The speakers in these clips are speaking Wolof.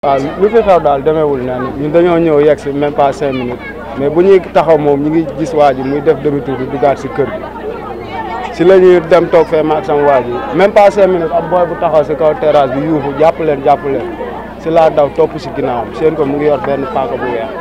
waaw lu fi xew daal demeewul neen ñun dañoo ñëw yegg si même pas cinq minutes mais bu ñuy taxaw moom ñu ngi gis waa ji muy def demi tour bi dugaat si kër bi si la ñuy dem toog fee maag sama waa ji même pas cinq minutes ab booy bu taxaw si kaw terrasse bi yuufu jàpp leen jàpp leen si laa daw topp si ginnaawam seen ko mu ngi yor benn paaka bu weex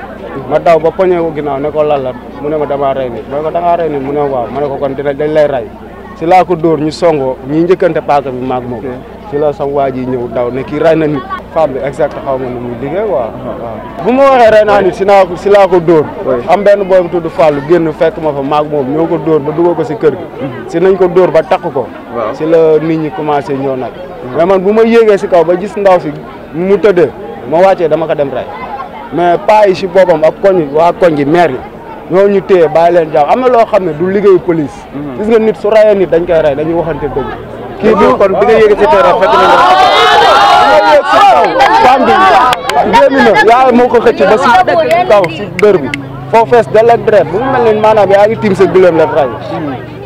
ma daw ba poñee ko ginnaaw ne ko lan la mu ne ma damaa rey nit ma ne ko dangaa rey nit mu ne waaw ma ne ko kon dañ lay rey si laa ko dóor ñu songoo ñi njëkkante paaka bi maag moom si la sama waa ji ñëw daw ne kii rey na nit femme bi exact xaw ma nu muy liggéey waaw. Ah. Ah. bu ma waxee rey naa nit si ko si laa ko dóor. am benn booy bu tudd Fallou génn fekk ma fa maag moom ñoo ko dóor ba dugal ko si kër gi. Mm-hmm. si nañ ko dóor ba takk ko. si la nit ñi commencé ñëw nag. Mm-hmm. mais man bu ma yéegee si kaw ba gis ndaw si mu tëddee ma wàccee dama ko dem rey mais paa si boppam a koñ waa koñ yi maire yi. ñoo ñu téye baale leen am na loo xam ne du liggéeyu police. Mm-hmm. gis nga nit su rayee nit dañ koy rey dañuy waxante dëgg. kii bi kon bi nga yéegee si terrain fekk nañ Ndiaye moo ko xëcc ba si kaw si dër bi leen dret mu mel ni maanaam yaa ngi tiim sa gëléem la ray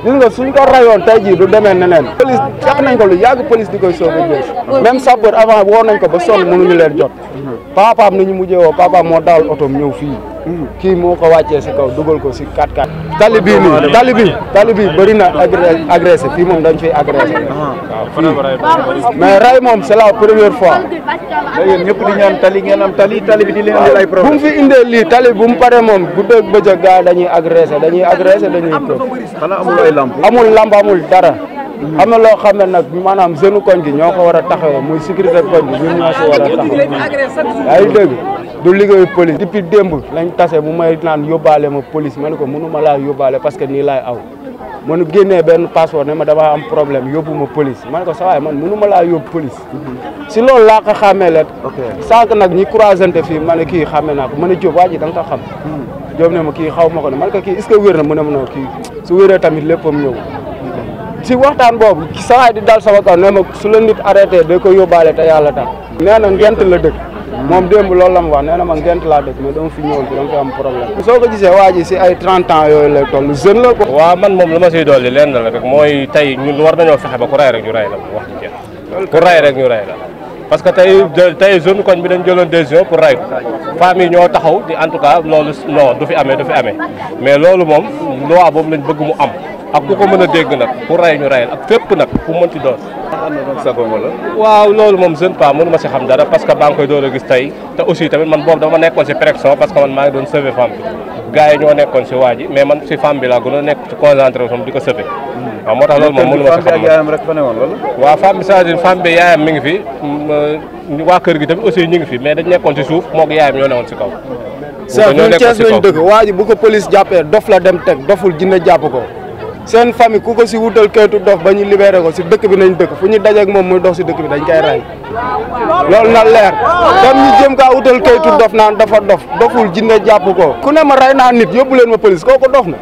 gis nga suñ ko rayoon tey jii du demee neneen police jàpp nañ ko lu yàgg police di koy soog a jël même sapeur avant woo nañ ko ba sonn mënuñu leen jot papaam ni ñu mujjee woo papaam moo daal otom ñëw fii kii moo ko wàccee si kaw dugal ko si 4-4 tali bii nii tali bii tali bii bëri na agressé fii moom dañ fiy agressé mais ray moom c'est la première fois yéen ñëpp di ñaan tali ngeen am tali tali bi di bu fi indee lii tali bu mu paree moom bu dëgg bëccëg gaa dañuy agressé dañuy agressé dañuy xanaa amul ay lamp amul lamp dara xam na loo xam ne nag maanaam jeune koñ bi ñoo ko war a taxawoo muy sécurité koñ bi ñun ñoo si war a lañ tase mu may naan yóbbaale ma police ma ne ko mënu ma laa yóbbaale parce que nii laay aw mënu génnee benn passeport ne ma damaa am problème yóbbu ma police ma ko sa waay man mënu ma laa yóbbu police si loolu laa ko xàmmee leen sànq nag ñi croisante fii ma ne kii xàmmee naa ko ma ne Diop waa ji da nga ko xam hmm. Diop kii xaw ma ko ne ma ne ko kii est ce na mu ne ma non kii su tamit léppam ñëw si waxtaan boobu sawaay di dal sama kaw ne ma su la nit arrêté da ko yóbbaale te yàlla tax nee na ngent la dëkk moom démb loolu la mu wax nee na ma ngent laa dëkk mais dama fi ñëwoon bi dama fi am problème waa ji si ay trente ans yooyu lay toll jeune la ko waaw la rek mooy tey ñun war nañoo fexe ba ku ray rek ñu ray la wax ci jeex ku rek ñu ray la parce que tey tey zone koñ bi dañ jëloon décision pour ray ko famille ñoo taxaw di en tout cas loolu non du fi amee du fi amee mais loolu moom loi boobu lañ bëgg mu am ak ku ko mën a dégg nag ku ray ñu rayal ak fépp nag ku mënti doon. waaw loolu moom jeune pas mënu si xam dara parce que maa ngi koy door a gis tey te aussi tamit man boobu dama nekkoon si pression parce que man maa ngi doon sauver ñoo nekkoon si waa ji a nekk ci concentration di ko sauver waaw moo tax nekkoon si kaw ñun bu ko police jàppee dof la dem teg doful jinne jàpp ko seen famille ku ko si wutal kayitu dof ba ñu libéré ko si dëkk bi nañ dëkk fu ñu dajeek moom muy dox si dëkk bi dañ koy rey loolu na leer comme ñu jëm kaa wutal kayitu dof naan dafa dof doful jinne jàpp ko ku ne ma rey naa nit yóbbu leen ma police kooku dof na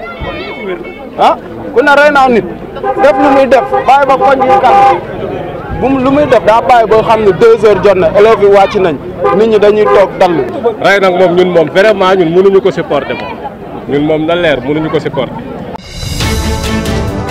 a ah, ku na rey naa nit def lu muy def bàyyi ba koñ bi kan bu lu muy def daa bàyyi boo xam ne deux heures jot na élèves yi wàcc nañ nit ñi dañuy dal dallu rey nag moom ñun moom vraiment ñun ñu ko supporter moom ñun moom na leer mënuñu ko supporter Thank you.